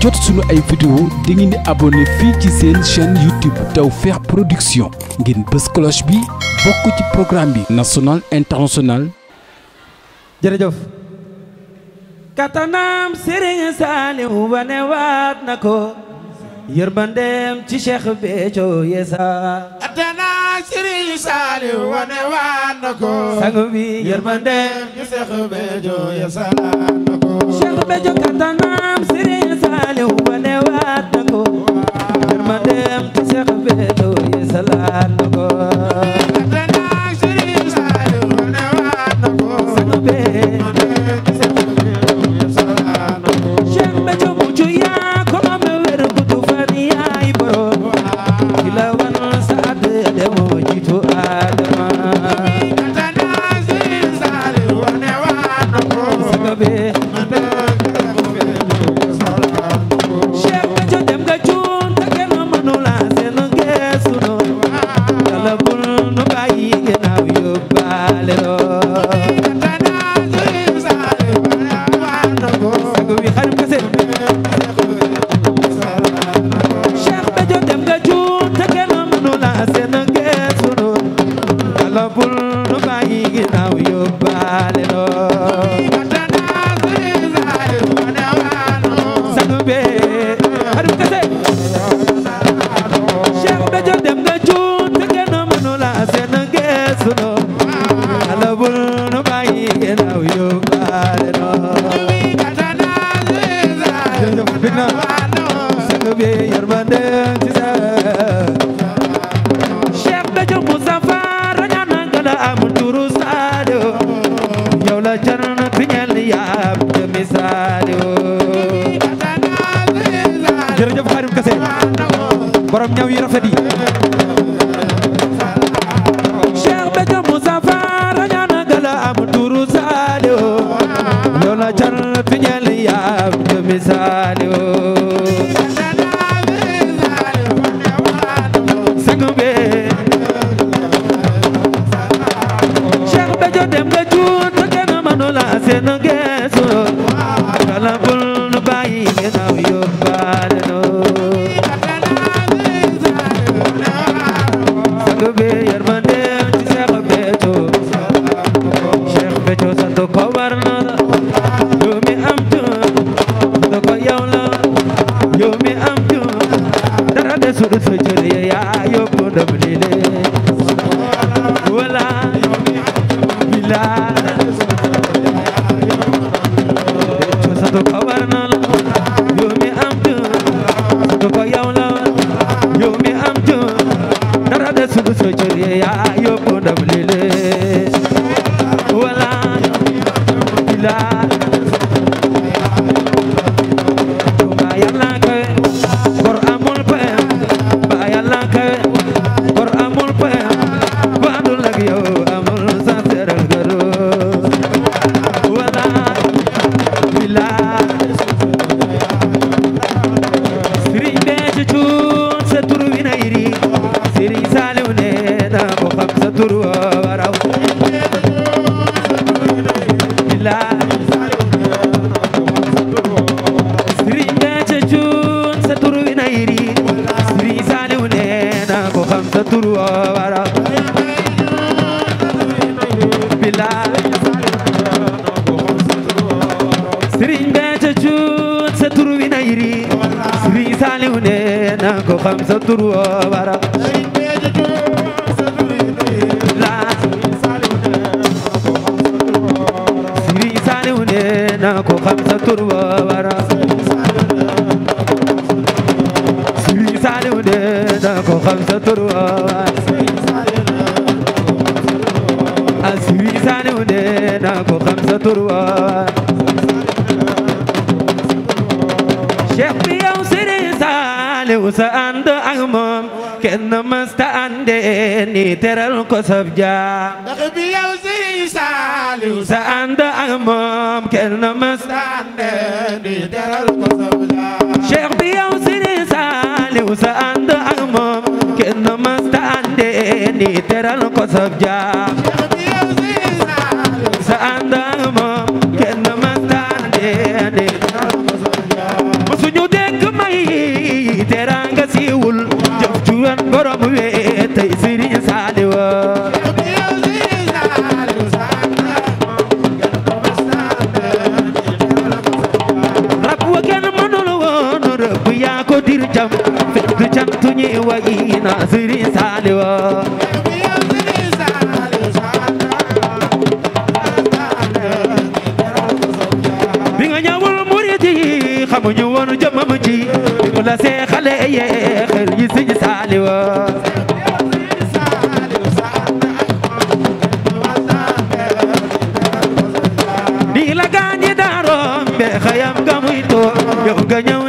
jot suñu ay vidéo da ngeen di abonné fii ci seen chaîne YouTube Tawfekh Production ngeen bës cloche bi bokk ci programme bi national international jërëjëf katanaam Serigne wane waat na ko yërmandeem ci Cheikh Béthio Yessa katanaam habul ñaw yu rafet yi सुर सजरे sa turu kenn mësta ànde ni teral ko sa ànd ak moom ni teral ko sab jaam teral ko sab jaam ji xamuñu woon jëmmam ji ku la see xale ye xër yi Sëriñ Saaliwa di la gaañi daaroom be xayam ga muy toog yow ga ñëw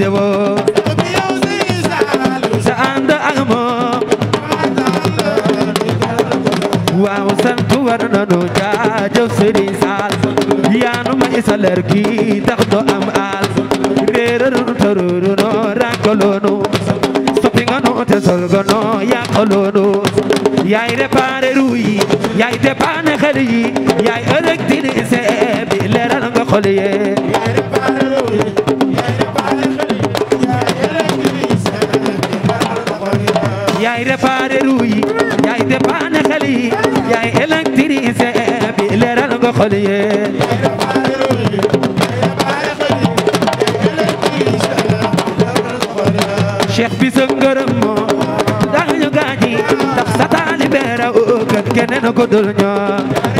déwoo sa ànd ak moom waaw sant war nanu jaajëf sëriñ Saal yaanu may sa leer am aal réeranu taruru no rankaloonu soppi nga nu te sol ga no yaay réparé ru yaay dépanné xel yaay ërëg dini seebi leeral nga yaay réparé ru yi yaay dépanné xel yi yaay électricien bi leeral nga xol yi cheikh bi sa ngërëm moo tax ñu gaañi tax sa taalibe raw keneen ko dul ñoo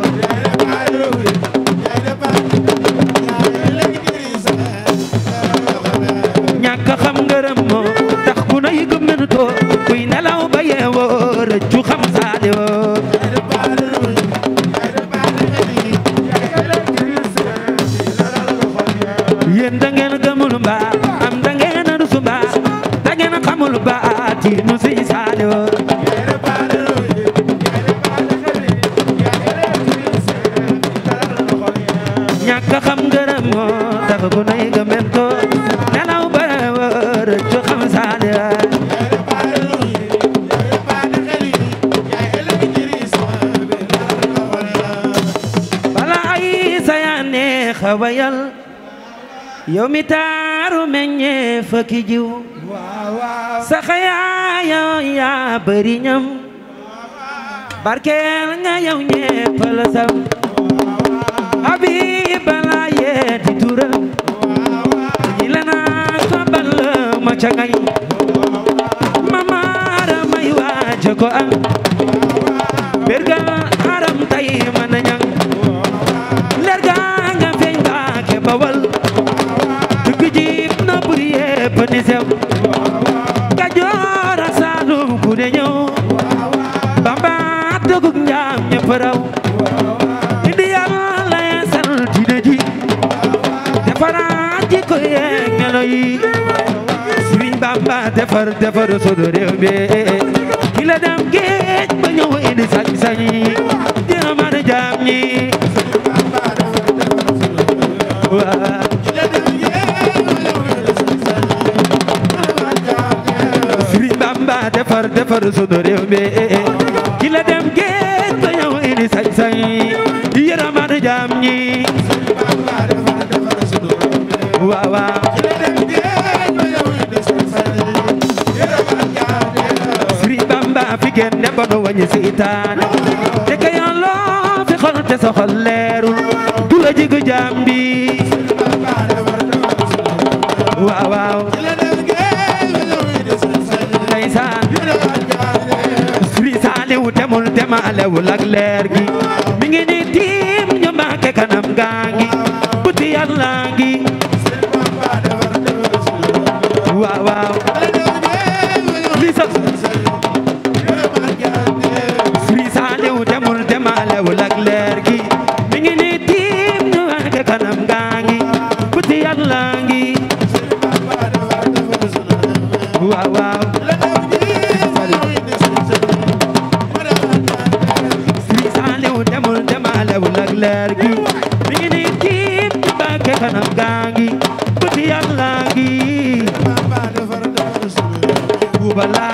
fa wayal yow mi taaru meññee fakki jiw saxa yaa yaa bëri barkeel nga yow ñépp la sam habiba di turam ñi la naa ca ngay ma maara may waaje am bergal faraw ni dem géej ba ñëw indi sañ-sañ yi dina a jaam ñi Sëriñ Bamba defar defar sunu réew mi dem géej say yërëmaan jaam ñi waaw waaw Sëriñ Bamba fi génne bon wañu seytaane te ka yàlla fi xol te sa xol leerul du la jig jaam bi amul demalewul ak leer gi mi ngi ni tiim ñu Mbàkke kanam gaa ngi buti yàlla ngi leer gi mi ngi nii tiim ci Mbàkke kanam gaa ngi bëti yàlla ngi buuba laa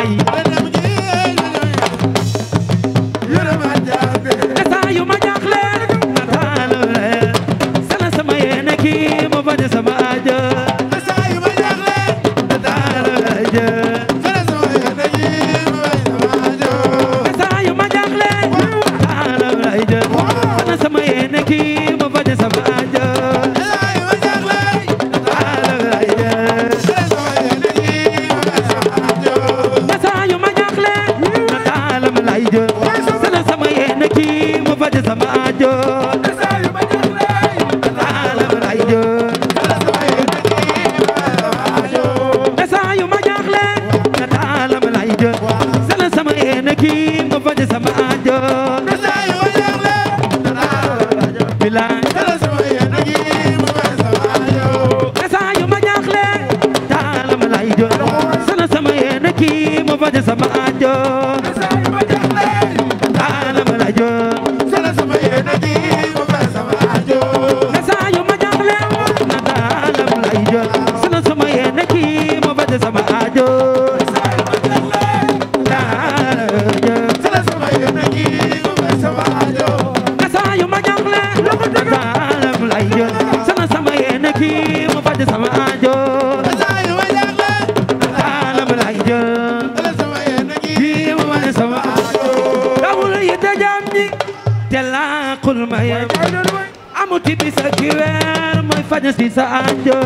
na sa ki weer mooy faj si sa aajo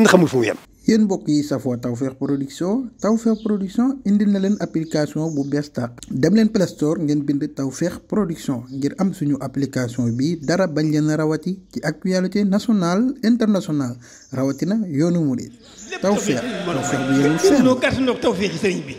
kenn xamul fu mu yem. yéen mbokk yi safoo Tawfekh Production Tawfekh na leen application bu bees tàq dem leen Play Store ngeen bind Tawfekh Production ngir am suñu application bi dara bañ leen rawati ci actualité nationale internationale rawatina yoonu mu de Tawfekh Tawfekh bu yemul fenn.